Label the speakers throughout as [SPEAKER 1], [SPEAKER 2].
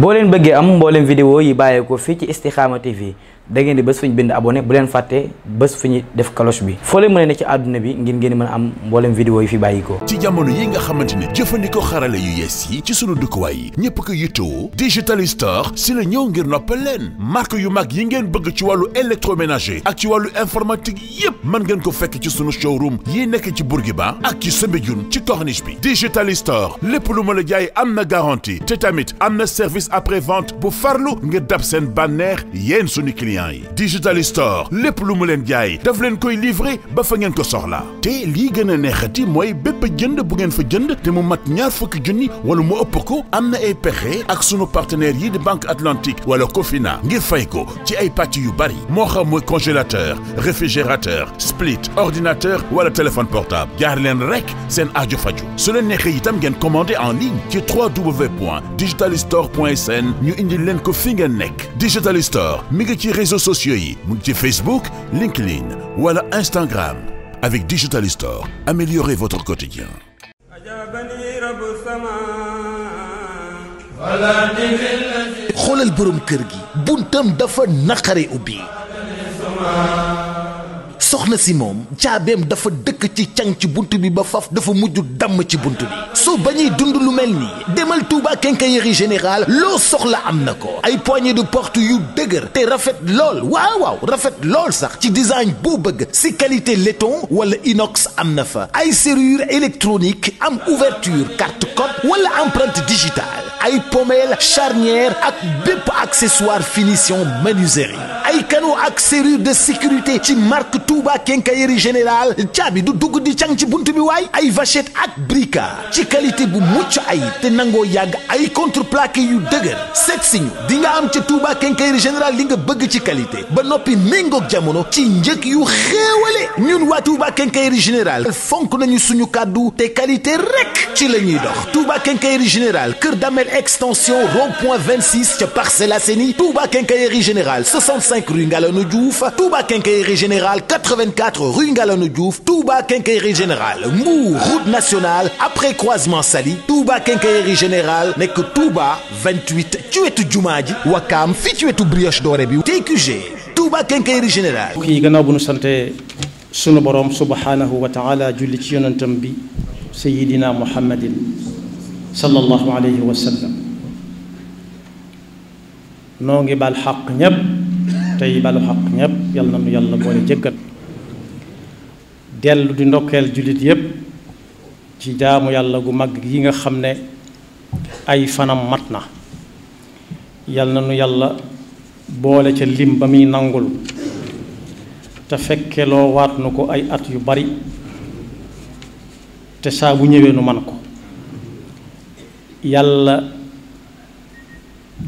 [SPEAKER 1] boo leen bëggee am mboolem vidéo yi bàyyeekoo fii ci Istikhama TV da ngeen di bés fu ñu bind abonné bu leen fàttee bés fu ñu def cloche bi foo leen mën a ne ci àdduna bi ngir ngeen mën am mboolem vidéo yi fi bàyyi ko.
[SPEAKER 2] ci jamono yi nga xamante ni jëfandikoo xarale yu yees yi ci sunu dëkkuwaay yi ñëpp ko yittewoo digital store si la ñëw ngir noppal leen marque yu mag yi ngeen bëgg ci wàllu électroménager ak ci wàllu informatique yépp mën ngeen ko fekk ci sunu showroom yi nekk ci Bourguiba ak ci Soumbédioune ci corniche bi digital store lépp lu ma la jaay am na garantie te tamit am na service après vente bu farlu ngir dab seen bànneex yéen sunu client clients yi digital store lépp lu mu leen jaay daf leen koy livré ba fa ngeen ko soxla te lii gën a neexati mooy bépp jënd bu ngeen fa jënd te mu mat ñaar fukki junni wala mu ëpp ko am na ay pexe ak sunu partenaires yi di banque atlantique wala Cofina ngir fay ko ci ay pàcc yu bari moo xam mooy congélateur réfrigérateur split ordinateur wala téléphone portable jaar leen rek seen ajo faju su leen neexee itam ngeen commandé en ligne ci www.digitalistore.sn ñu indi leen ko fi ngeen nekk digital store mi ngi ci réseaux sociaux yi mu ngi ci Facebook LinkedIn wala Instagram avec Digital Store améliorez votre quotidien.
[SPEAKER 3] xoolal boroom kër gi buntam dafa naqare ubbi. soxna si moom caabeem dafa dëkk ci cang ci bunt bi ba faf dafa mujj damm ci bunt bi soo bañuy dund lu mel nii demal Touba Quincaillerie général loo soxla am na ko ay poignée de porte yu dëgër te rafet lool waaw waaw rafet lool sax ci design boo bëgg si qualité laiton wala inox am na fa ay serrure électronique am ouverture carte code wala empreinte digitale ay pommelle charnière ak bépp accessoire finition menuiserie ay kanu ak serrure de sécurité ci marque Touba Quincaillerie Générale caabi du dugg di cang ci bunt bi waay ay vachette ak brica ci qualité bu mucc ay te nangoo yàgg ay contreplaqué yu dëgër seet siñu di nga am ca Touba Quincaillerie général li nga bëgg ci qualité ba noppi méngoog jamono ci njëg yu xéewale ñun waa Touba Quincaillerie général fonk nañu suñu kàddu te qualité rek ci la ñuy dox Touba Quincaillerie général Kër Damel extension rond point 26 ca Parcelles Assainies Touba Quincaillerie Générale 65 5 rue Ngalonou Diouf Touba Quincaillerie Générale 84 rue Ngalonou Diouf Touba Quincaillerie Générale Mbour route nationale après croisement Sali Touba Quincaillerie nekk Touba 28 ci wetu jumaa ji Wakaam fii ci wetu Brioche Dorée bi TQG Touba Quincaillerie Générale. mbokk
[SPEAKER 1] yi gannaaw bu nu sante sunu borom subhaanahu julli ci bi Seyyidina Muhammadin
[SPEAKER 2] sallallahu alayhi
[SPEAKER 1] wa sallam noo ngi baal xaq ñépp tey balu xaq ñépp yàlla nañu yàlla boole jëggat dellu di ndokkeel jullit yépp ci jaamu yàlla gu mag yi nga xam ne ay fanam mat na yàlla nañu yàlla boole ca lim ba muy nangul te fekke loo waat nu ko ay at yu bari te saa bu ñëwee nu man ko yàlla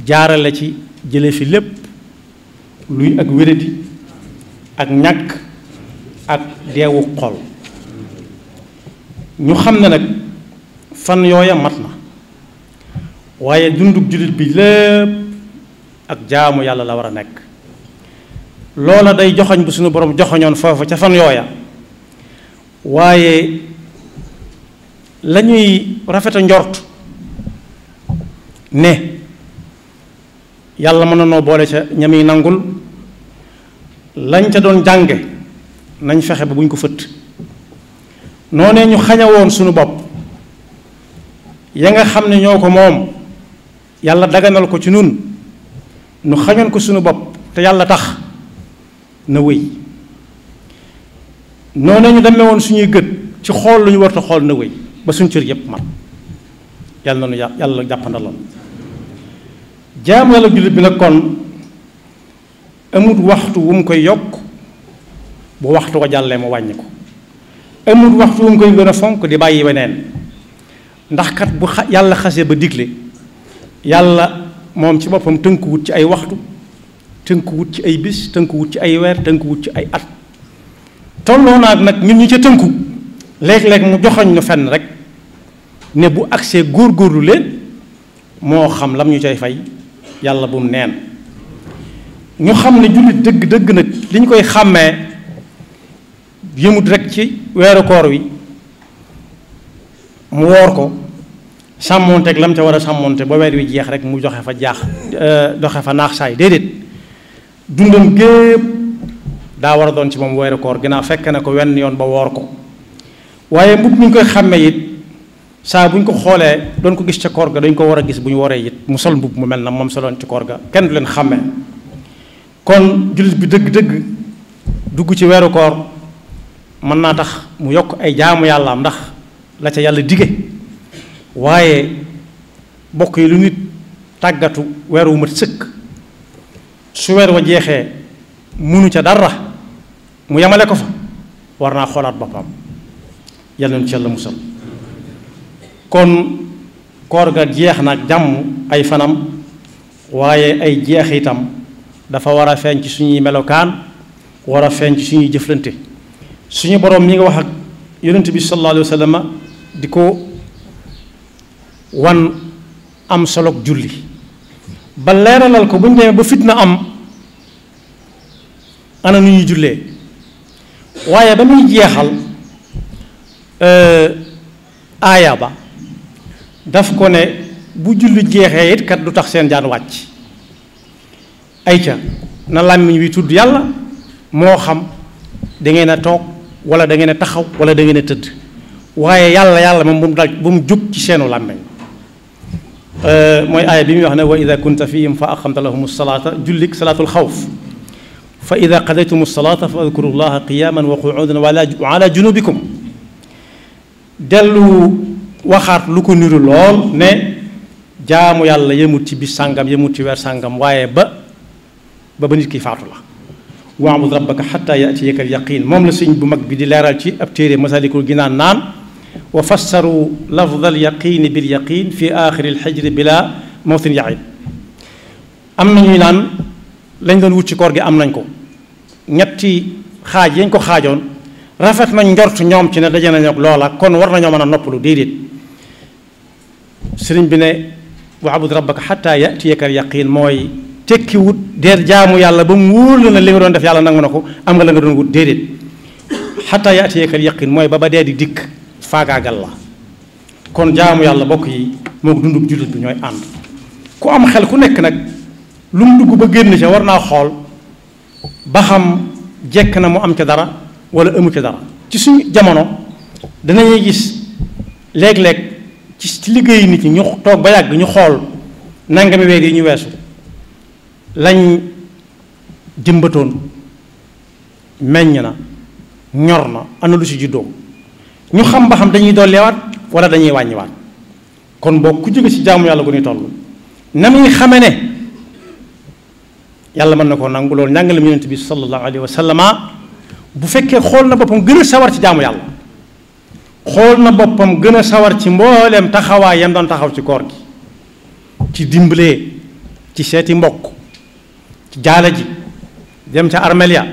[SPEAKER 1] jaarale ci jële fi lépp luy ak wéradi ak ñàkk ak deewu xol ñu xam ne nag fan yooya mat na waaye dundug jullit bi lépp ak jaamu yàlla la war a nekk loola day joxoñ bu suñu boroom joxoñoon foofu ca fan yooya waaye la rafeta njort ne yàlla mën na noo boole ca yi nangul lañ ca doon jànge nañ fexe ba buñ ko fëtt noonee ñu xañawoon suñu bopp ya nga xam ne ñoo ko moom yàlla daganal ko ci nun nu xañoon ko sunu bopp te yàlla tax na wéy noonee ñu demee woon suñuy gët ci xool lu ñu warta xool na wéy ba suñ cër yépp mat yàlla na nu yàlla jàppandaloon jaamu yàlla jullit bi nag kon amut waxtu wu mu koy yokk bu waxtu ko jàllee mu wàññi ko amut waxtu wu mu koy gën a fonk di bàyyi weneen ndax kat bu xa yàlla xasee ba digle yàlla moom ci boppam tënkuwut ci ay waxtu tënkuwut ci ay bis tënkuwut ci ay weer tënkuwut ci ay at tolloonaat nag ñun ñi ca tënku léeg-léeg mu joxoñ ñu fenn rek ne bu agsee góor góorlu leen moo xam lam ñu cay fay yàlla bu mu neen ñu xam ne jullit dëgg dëgg nag li ñu koy xàmmee yëmut rekk ci weeru koor wi mu woor ko sàmmoonteeg lam ca war a sàmmoonte ba weer wi jeex rek mu joxe fa jaax euh, doxe fa naax saay déedéet dundam gépp daa war a doon ci moom weeru koor ginnaaw fekk na ko wenn yoon ba woor ko waaye mbub mi ñu koy xàmmee it saa bu ñu ko xoolee doon ko gis ca koor ga dañ ko war a gis bu ñu waree it mu sol mbubb mu mel na moom soloon ci koor ga kenn du leen xàmmee kon jullit bi dëgg-dëgg dugg ci weeru koor mën naa tax mu yokk ay jaamu yàllaam ndax la ca yàlla dige waaye bokk yi lu nit tàggatu weer wu mat sëkk su weer wa jeexee munu ca dara mu yemale ko fa war naa xoolaat boppam yàlla na ci yàlla musal kon koor ga jeex na jàmm ay fanam waaye ay jeex itam dafa war a feeñ suñuy melokaan war a feeñ suñuy jëflante suñu borom mi nga wax ak yonent bi sallallahu alayhi wa di ko wan am solog julli ba leeralal ko bu ñu demee ba fitna am ana nu ñuy jullee waaye ba muy jeexal euh, aaya ba daf ko ne bu julli jeexee it kat du tax seen jaan wàcc ay ca na làmmiñ wi tudd yàlla moo xam dangeen a toog wala dangeen taxaw wala da ngeen tëdd waaye yàlla yàlla moom bu mu dal bu mu jub ci seenu làmmiñ euh, mooy aaya bi muy wax ne wa ida kunta fihim fa aqamta lahum salaata jullik salaatul xawf fa ida qadaytum salaata fa adkuru llaha qiyaman wa quudan wa ala junubikum dellu waxaat lu ko niru lool ne jaamu yàlla yemut ci bis sàngam yemut ci weer sàngam waaye ba ba ba nit ki faatu la waabud rabbaka xatta yatiyaka alyaqin moom la sëñ bu mag bi di leeral ci ab téere masalikul ginaan naan wa fassaru lafda alyaqini bilyaqin fi axiri alxijri bila mawtin yaqin am na ñuy naan lañ doon wut ci koor gi am nañ ko ñetti xaaj yañ ko xaajoon rafet nañu njort ñoom ci ne daje nañu ak loola kon war nañoo mën a noppalu déedéet sëriñ bi ne waabud rabbaka xataa yatiyaka yaqin mooy tekki wut deer jaamu yàlla ba mu wóor la na li nga doon def yàlla nangu na ko am nga la nga doon wut déedéet xataa yatiyaka yaqin mooy ba ba dee di dikk faagaagal la kon jaamu yàlla bokk yi moo ko dundub jullit bi ñooy ànd ku am xel ku nekk nag lu mu dugg ba génn ca war naa xool ba xam jekk na mu am ca dara wala amu ca dara ci suñu jamono danañuy gis léeg-léeg ci ci liggéeyu nit ñi ñu toog ba yàgg ñu xool nangami weer yi ñu weesu lañ jëmbatoon meññ na ñor na ana lu si juddoo ñu xam ba xam dañuy dolleewaat wala dañuy wàññiwaat kon boo ku jóge si jaamu yàlla gu ñuy toll na muy xame ne yàlla mën na ko nangu loolu njàngale mu yonent bi sallallahu alayhi wa sallama bu fekkee xool na boppam gën a sawar ci jaamu yàlla xool na boppam gën a sawar ci mbooleem taxawaay yam doon taxaw ci koor gi ci dimbalee ci seeti mbokk ci jaala ji dem ca armelia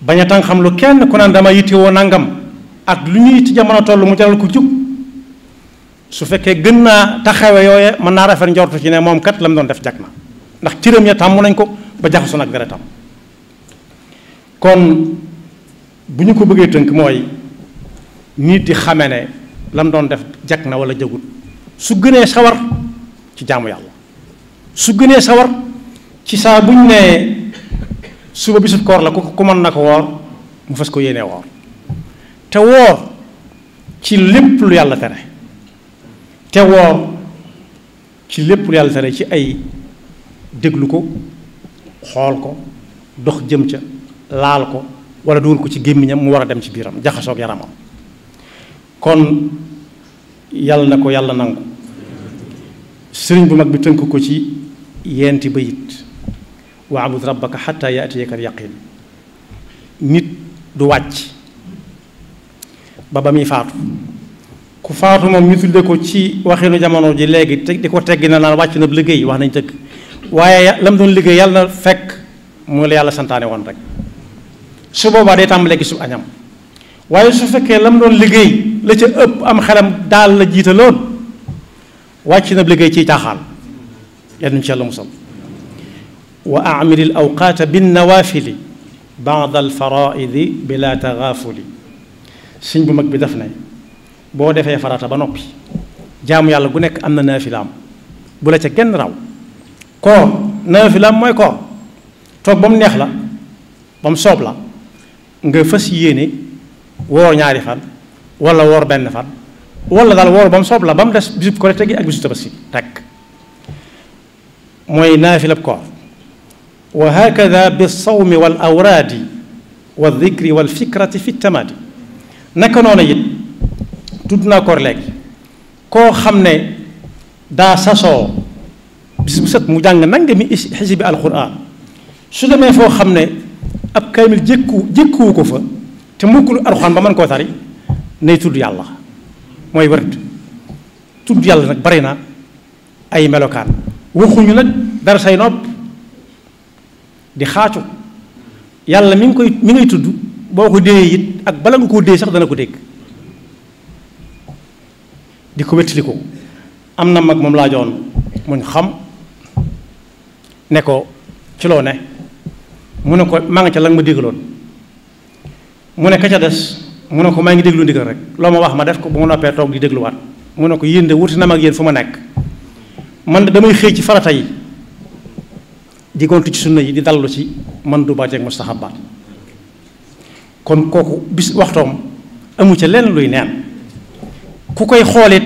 [SPEAKER 1] bañ a tàng xam lu kenn ku naan dama yittewoo nangam ak lu ñuy ci jamono toll mu jaral ko jug su fekkee gën naa taxawe yooye mën naa rafet njortu ci ne moom kat la doon def jag na ndax cëram ya tàmm nañ ko ba jaxasoon ak deretam kon bu ñu ko bëggee tënk mooy nit di xame ne lam doon def jag na wala jagut su gënee sawar ci jaamu yàlla su gënee sawar ci saa bu ñu nee suba bisub koor la ku ku mën na ko woor mu fas ko yéenee woor te woor ci lépp lu yàlla tere te woor ci lépp lu yàlla tere ci ay déglu ko xool ko dox jëm ca laal ko wala dugal ko ci gémmiñam mu war a dem ci biiram jaxasoog yaramam kon yàlla na ko yàlla nangu sëriñ bu mag bi tënk ko ci yenti bayit waabud rabbaka xatta yaatiyaka al yaqin nit du wàcc ba ba muy faatu ku faatu moom ñu tudde ko ci waxinu jamono ji léegi te di ko teggi na naan wàcc na liggéey wax nañ dëgg waaye lam doon liggéey yàlla fekk mu la yàlla santaane woon rek su boobaa day tàmbalee gi su añam waaye su fekkee lam doon liggéey la ca ëpp am xelam daal la jiitaloon wàcc na liggéey ciy caaxaan yal ci yàlla musal wa amil al awqaata binnawaafili baad al faraidi bila tagaafuli sëñ bu mag bi def ne boo defee farata ba noppi jaamu yàlla gu nekk am na naafilaam bu la ca genn raw koor naafilaam mooy koor toog ba mu neex la ba mu soob la nga fas yéene woor ñaari fan wala woor benn fan wala daal woor ba mu soob la ba mu des bisub Korite gi ak bisub Tabaski rek mooy naafilab koor wa hakada bi sawmi wal awraadi wa dikri wal fikrati fi tamaadi naka noonu it tudd naa koor léegi koo xam ne daa sasoo bis bu mu jàng nangami xisibi alquran su demee foo xam ne ab kaamil jékku jékkuwu ko fa te mukkul alxuraan ba man koo tari nay tudd yàlla mooy wërd tudd yàlla nag bari na ay melokaan waxuñu nag dara say nopp di xaacu yàlla mi ngi koy mi ngay tudd boo ko déyee it ak bala nga koo déy sax dana ko dégg di ko ko am na mag moom laa joon muñ xam ne ko ci loo ne mu ne ko maa nga ca la ma dégloon mu ne ka ca des mu ne ko maa ngi déglu ndigal rek loo ma wax ma def ko ba mu noppee toog di dégluwaat mu ne ko yéen wuti na ma ak yéen fu ma nekk man de damay xëy ci farata yi di gontu ci sunna yi di dallu ci man du baateeg mustahabaat kon kooku bis waxtoom amu ca lenn luy neen ku koy xoolit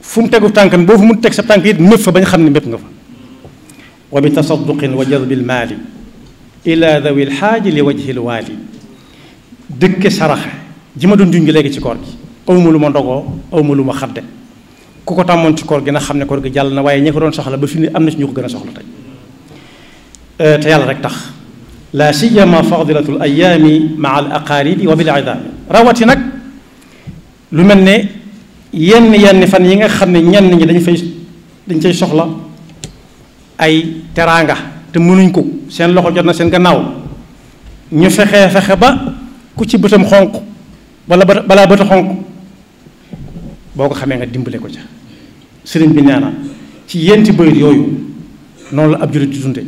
[SPEAKER 1] fu mu tegu tànkan boo fu mu teg sa tànk it mépp fa bañ xam ne mépp nga fa wa bi tasadduqin wa jadbil maali ila dawi lxaaji li wajhi lwaali dëkke saraxe ji ma doon duñ gi léegi ci koor gi awma lu ma ndogoo awma lu ma xadde ku ko tàmmoon ci koor gi na xam ne koor gi jàll na waaye ñi ko doon soxla ba fi ni am na ci ñu ko gën a soxla tey euh, yàlla rek tax la siyama fadilatu l ayaami maa al aqaaribi wa bil idaami rawati lu mel ne yenn yenn fan yi nga xam ne ñenn ñi dañ fay dañ cay soxla ay teraanga te mënuñ ko seen loxo jot na seen gannaaw ñu fexe fexe ba ku ci bëtam xonq wala bët balaa bëta xonq boo ko xamee nga dimbale ko ca sëriñ bi nee na ci yenti bayit yooyu noonu la ab jurit di dunde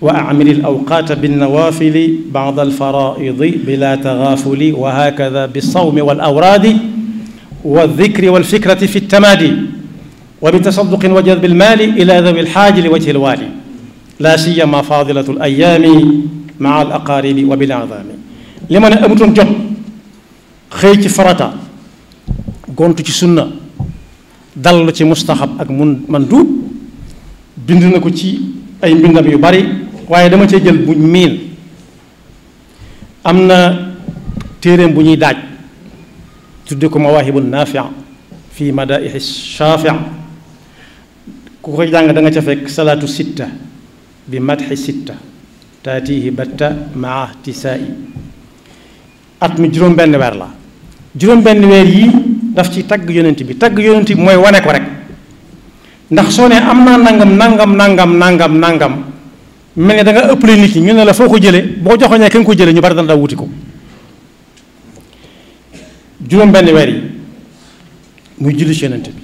[SPEAKER 1] wa amili l awqaata binnawaafili bada alfaraidi bila taxaafuli wa hakada bisawmi wal awraadi wa dikri wal fikrati fi tamaadi wa bitasadduqin wa jadbi lmaali ila dawi lxaaji li wajhi lwaali laa siyama faadilatu l ayaami maa al aqaaribi wa bil aadaami li ma ne amutoon jot xëy ci farata gontu ci sunna dallu ci mustaxab ak mun man duub bind na ko ci ay mbindam yu bari waaye dama cee jël buñ miin am na téeréem bu ñuy daaj tudde ko mawaahibu naafia fi madaixi shaafia ku ko jàng da ca fekk salaatu sitta bi madxi sitta taatihi batta maa tisaai at mi juróom-benn weer la juróom-benn weer yii daf ci tagg yonent bi tagg yonent bi mooy wane ko rek ndax soo ne am naa nangam nangam nangam nangam nangam mel ne da nga ëppale nit ñi ñu ne la foo ko jëlee boo joxoñee kañ ko jëlee ñu bari dana wuti ko juróom-benn weer yi muy julli ci yonent bi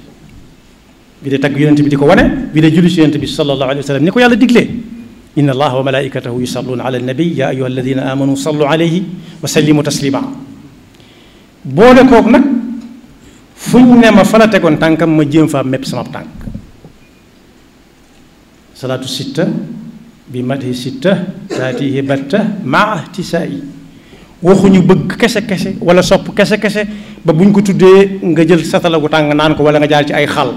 [SPEAKER 1] bi de tagg yonent bi di ko wane bi de julli ci yonent bi sallallahu alayhi wa sallam ni ko yàlla diglee inna allaha wa malaikatahu yusalluuna ala nabi ya ayuha alladina amanu sallu alayhi wa sallimu taslima boole kook nag fuñ ne ma fa tegoon tànkam ma jéem faa mépp sama tànk salaatu sitta bi mati sitta taatihi batta maa tisaayi waxuñu bëgg kese kese wala sopp kese kese ba buñ ko tuddee nga jël satala gu tàng naan ko wala nga jaar ci ay xal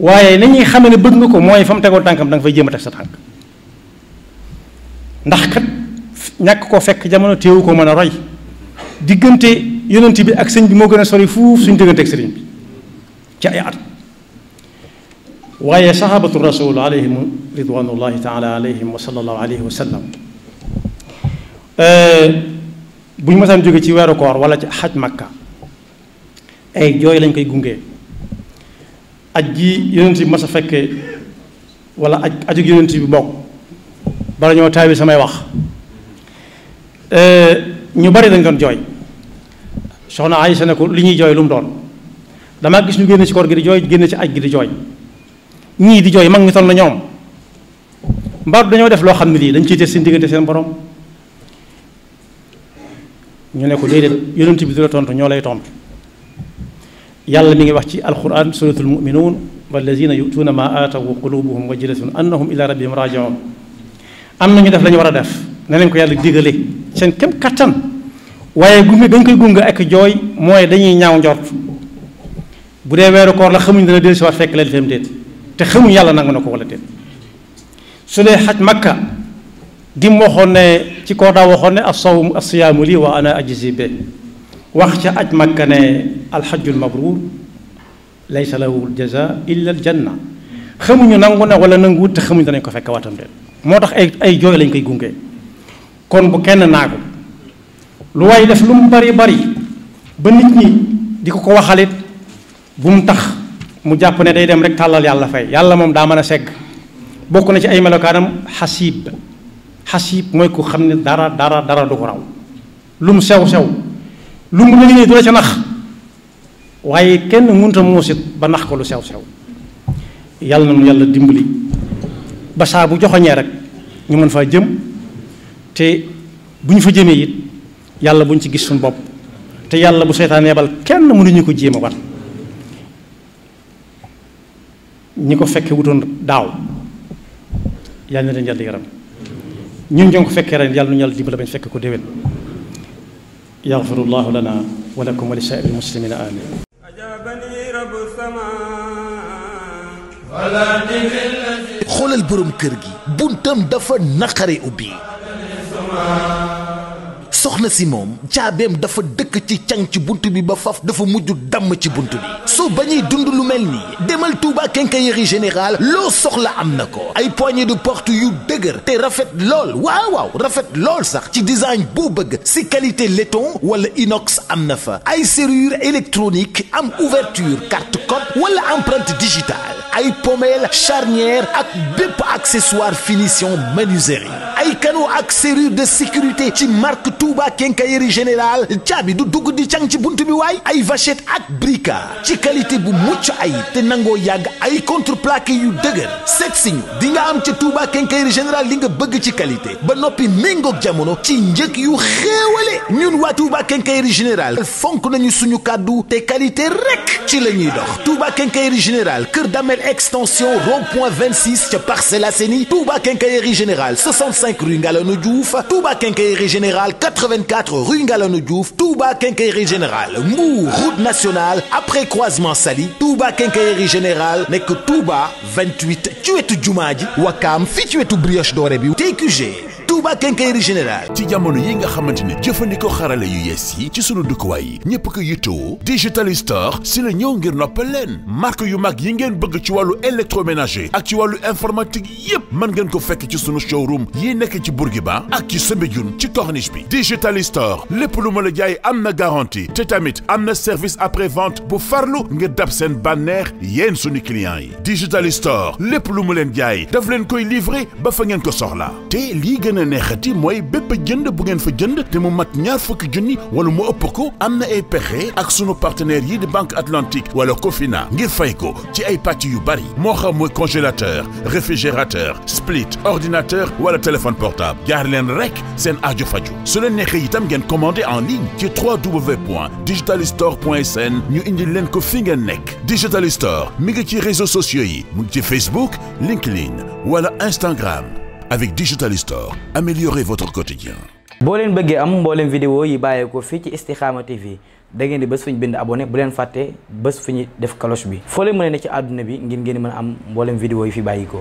[SPEAKER 1] waaye nañuy xame ne bëgg nga ko mooy fa mu tegoon tànkam da nga fay jéem a teg sa tànk ndax kat ñàkk koo fekk jamono téewu ko mën a roy diggante yonent bi ak sëñ bi moo gën a sori fuuf suñu diggante ak sëriñ bi ci ay at waaye sahabatu rasul alayhim ridwanullahi taala alayhim wa sallallahu alayhi wa sallam eh, bu jóge ci weeru koor wala ci xaj makka ay jooy lañ koy gunge aj gi yonent bi mas a fekkee wala aj ajug yonent bi bokk bala ñoo taawi samay wax euh, ñu bari dañ doon jooy soxna Aysa ne ko li ñuy jooy lu mu doon damaa gis ñu génn ci kor gi di jooy génn ci aj gi di jooy ñii di jooy mag ñu toll na ñoom mbaadu dañoo def loo xam ne lii dañ ciy teg seen diggante seen borom ñu ne ko déedéet yonent bi du la tontu ñoo lay tontu yàlla mi ngi wax ci alquran suratul muminuun wallazina yutuuna ma aataw wa qulubuhum wajilatun annahum ila rabbihim rajiun am na ñu def la war a def ne leen ko yàlla digale seen kem kattan waaye gunge dañ koy gunge ak jooy mooy dañuy ñaaw njort bu dee weeru koor la xamuñ dana dellu si waat fekk leen fem te xamuñ yàlla nangu na ko walla déet su dee xaj makka dim waxoon ne ci koor daa waxoon ne as-sawmu as-siyaamu lii wa ana ajzi bi wax ca aj makka ne alxajjul mabruur laysa lahu jaza illa aljanna xamuñu nangu na wala nangu wut te xamuñ danañ ko fekk waatam déet moo tax ay ay jooy lañ koy gunge kon bu kenn naagu lu waay def lu mu bari bari ba nit ñi di ko ko waxalit bu mu tax mu jàpp ne day dem rek tàllal yàlla fay yàlla moom daa mën a segg bokk na ci ay melokaanam xasiib xasiib mooy ko xam ne dara dara du ko raw lu mu sew sew lu mu liggéey du la ca nax waaye kenn munta a muusit ba nax ko lu sew sew yàlla na nu yàlla dimbali ba saa bu joxoñee rek ñu mën faa jëm te bu ñu fa jëmee it yàlla bu ñu ci gis suñu bopp te yàlla bu seytaan yebal kenn mënuñu ko jéem a ñi ko fekkee wutoon daaw yàlla na leen yàlla yaram ñun ñoo ko fekkee ren yàlla nu ñu yàlla dimbale bañ fekk ko déwén yaxfirullahu lana wa lakum wa li saa'iril muslimina
[SPEAKER 3] xoolal boroom kër gi buntam dafa naqare ubbi soxna si moom caabeem dafa dëkk ci cang ci bunt bi ba faf dafa mujj damm ci bunt bi soo bañuy dund lu mel nii demal Touba Quincaillerie général loo soxla am na ko ay poignée de porte yu dëgër te rafet lool waaw waaw rafet lool sax ci design boo bëgg si qualité laiton wala inox am na fa ay serrure électronique am ouverture carte code wala empreinte digitale ay pommelle charnière ak bépp accessoire finition menuiserie ay canaux ak serrure de sécurité ci marque Touba Quincaillerie Générale caabi du dugg di cang ci bunt bi waay ay vachette ak brica ci qualité bu mucc ay te nangoo yàgg ay contreplaqué yu dëgër seet si ñu di nga am ca Touba Quincaillerie général li nga bëgg ci qualité ba noppi méngoog jamono ci njëg yu xéewale ñun waa Touba Quincaillerie Générale fonk nañu suñu kàddu te qualité rek ci la ñuy dox Touba Quincaillerie Générale kër Damel extension rond-point 26 ca Parcelles Assainies Touba Quincaillerie Générale 65 rue Ngalano Diouf Touba Quincaillerie Générale 84 rue Ngalano Diouf Touba Quincaillerie Générale Mbour route nationale après croisement Sali Touba Quincaillerie Générale nekk Touba 28 ci wetu jumaa
[SPEAKER 2] ji Wakaam fii ci wetu brioche dorée bi TQG Touba Quincaillerie Générale ci jamono yi nga xamante ne jëfandikoo xarale yu yees yi ci sunu dëkkuwaay yi ñëpp ko yittoo digital store si la ñëw ngir noppal leen marque yu mag yi ngeen bëgg ci wàllu électroménager ak ci wàllu informatique yépp mën ngeen ko fekk ci sunu showroom yi nekk ci ba ak ci Soumbédioune ci corniche bi digital store lépp lu ma la jaay am na garantie te tamit am na service après vente bu farlu ngir dab seen bànneex yéen sunu clients yi digital store lépp lu mu leen jaay daf leen koy livrer ba fa ngeen ko soxla gën a neexati mooy bépp jënd bu ngeen fa jënd te mu mat ñaar fukki junni wala mu ëpp ko am na ay pexe ak sunu partenaires yi di banque atlantique wala Cofina ngir fay ko ci ay pàcc yu bari moo xam mooy congélateur réfrigérateur split ordinateur wala téléphone portable jaar leen rek seen aajo faju su leen neexee itam geen commandé en ligne ci www.digitalistore.sn ñu indi leen ko fi ngeen nekk Digital Store mi ngi ci réseau sociaux yi mu ngi ci Facebook LinkedIn wala Instagram avec Digital Store améliorez votre quotidien. boo leen
[SPEAKER 1] bëggee am mbooleem vidéo yi bàyyeekoo fii ci Istikhama TV da ngeen di bës fu ñu bind abonné bu leen fàttee bës fu ñu def cloche bi foo leen mën ne ci àdduna bi ngir ngeen mën am mbooleem vidéo yi fi bàyyeekoo.